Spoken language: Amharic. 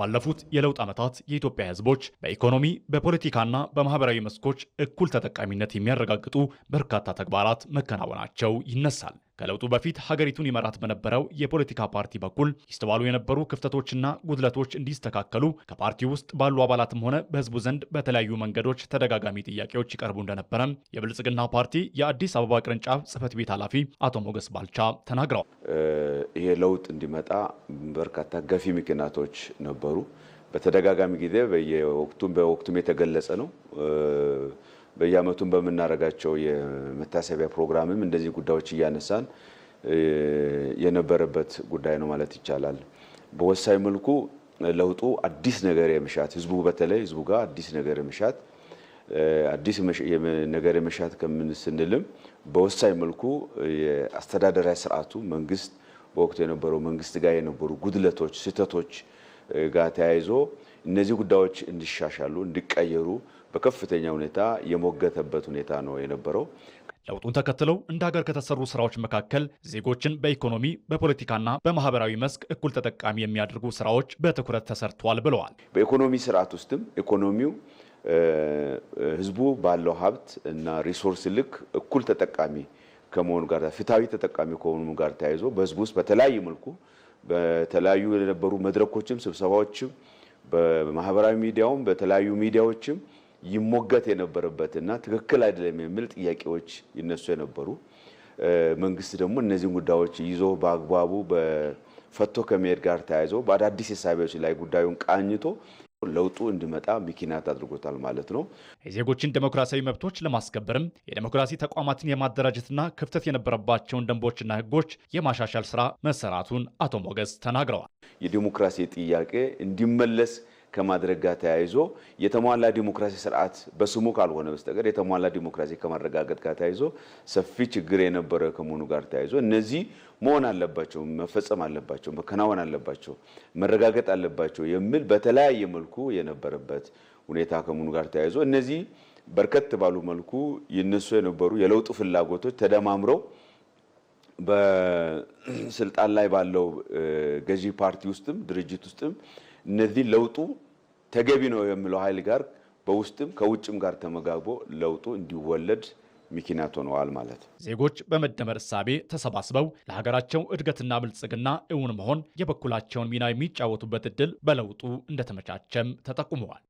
ባለፉት የለውጥ ዓመታት የኢትዮጵያ ህዝቦች በኢኮኖሚ በፖለቲካና በማህበራዊ መስኮች እኩል ተጠቃሚነት የሚያረጋግጡ በርካታ ተግባራት መከናወናቸው ይነሳል። ከለውጡ በፊት ሀገሪቱን ይመራት በነበረው የፖለቲካ ፓርቲ በኩል ይስተዋሉ የነበሩ ክፍተቶችና ጉድለቶች እንዲስተካከሉ ከፓርቲው ውስጥ ባሉ አባላትም ሆነ በህዝቡ ዘንድ በተለያዩ መንገዶች ተደጋጋሚ ጥያቄዎች ይቀርቡ እንደነበረ የብልጽግና ፓርቲ የአዲስ አበባ ቅርንጫፍ ጽህፈት ቤት ኃላፊ አቶ ሞገስ ባልቻ ተናግረዋል። ይሄ ለውጥ እንዲመጣ በርካታ ገፊ ምክንያቶች ነበሩ። በተደጋጋሚ ጊዜ በየወቅቱም በወቅቱም የተገለጸ ነው። በየአመቱም በምናደርጋቸው የመታሰቢያ ፕሮግራምም እንደዚህ ጉዳዮች እያነሳን የነበረበት ጉዳይ ነው ማለት ይቻላል። በወሳኝ መልኩ ለውጡ አዲስ ነገር የመሻት ህዝቡ በተለይ ህዝቡ ጋር አዲስ ነገር የመሻት አዲስ ነገር የመሻት ከምን ስንልም በወሳኝ መልኩ የአስተዳደራዊ ስርዓቱ መንግስት በወቅቱ የነበረው መንግስት ጋር የነበሩ ጉድለቶች፣ ስህተቶች ጋር ተያይዞ እነዚህ ጉዳዮች እንዲሻሻሉ እንዲቀየሩ በከፍተኛ ሁኔታ የሞገተበት ሁኔታ ነው የነበረው። ለውጡን ተከትለው እንደ ሀገር ከተሰሩ ስራዎች መካከል ዜጎችን በኢኮኖሚ በፖለቲካና በማህበራዊ መስክ እኩል ተጠቃሚ የሚያደርጉ ስራዎች በትኩረት ተሰርተዋል ብለዋል። በኢኮኖሚ ስርዓት ውስጥም ኢኮኖሚው ህዝቡ ባለው ሀብት እና ሪሶርስ ልክ እኩል ተጠቃሚ ከመሆኑ ጋር ፍትሐዊ ተጠቃሚ ከሆኑ ጋር ተያይዞ በህዝቡ ውስጥ በተለያየ መልኩ በተለያዩ የነበሩ መድረኮችም ስብሰባዎችም በማህበራዊ ሚዲያውም በተለያዩ ሚዲያዎችም ይሞገት የነበረበትና ትክክል አይደለም የሚል ጥያቄዎች ይነሱ የነበሩ መንግስት ደግሞ እነዚህን ጉዳዮች ይዞ በአግባቡ በፈቶ ከመሄድ ጋር ተያይዞ በአዳዲስ እሳቤዎች ላይ ጉዳዩን ቃኝቶ ለውጡ እንዲመጣ ምክንያት አድርጎታል ማለት ነው። የዜጎችን ዴሞክራሲያዊ መብቶች ለማስከበርም የዴሞክራሲ ተቋማትን የማደራጀትና ክፍተት የነበረባቸውን ደንቦችና ህጎች የማሻሻል ስራ መሰራቱን አቶ ሞገስ ተናግረዋል። የዴሞክራሲ ጥያቄ እንዲመለስ ከማድረግ ጋር ተያይዞ የተሟላ ዲሞክራሲ ስርዓት በስሙ ካልሆነ በስተቀር የተሟላ ዲሞክራሲ ከማረጋገጥ ጋር ተያይዞ ሰፊ ችግር የነበረ ከመሆኑ ጋር ተያይዞ እነዚህ መሆን አለባቸው፣ መፈጸም አለባቸው፣ መከናወን አለባቸው፣ መረጋገጥ አለባቸው የሚል በተለያየ መልኩ የነበረበት ሁኔታ ከመሆኑ ጋር ተያይዞ እነዚህ በርከት ባሉ መልኩ ይነሱ የነበሩ የለውጥ ፍላጎቶች ተደማምረው በስልጣን ላይ ባለው ገዢ ፓርቲ ውስጥም ድርጅት ውስጥም እነዚህ ለውጡ ተገቢ ነው የሚለው ኃይል ጋር በውስጥም ከውጭም ጋር ተመጋግቦ ለውጡ እንዲወለድ ምክንያት ሆነዋል ማለት ነው። ዜጎች በመደመር እሳቤ ተሰባስበው ለሀገራቸው እድገትና ብልጽግና እውን መሆን የበኩላቸውን ሚና የሚጫወቱበት እድል በለውጡ እንደተመቻቸም ተጠቁመዋል።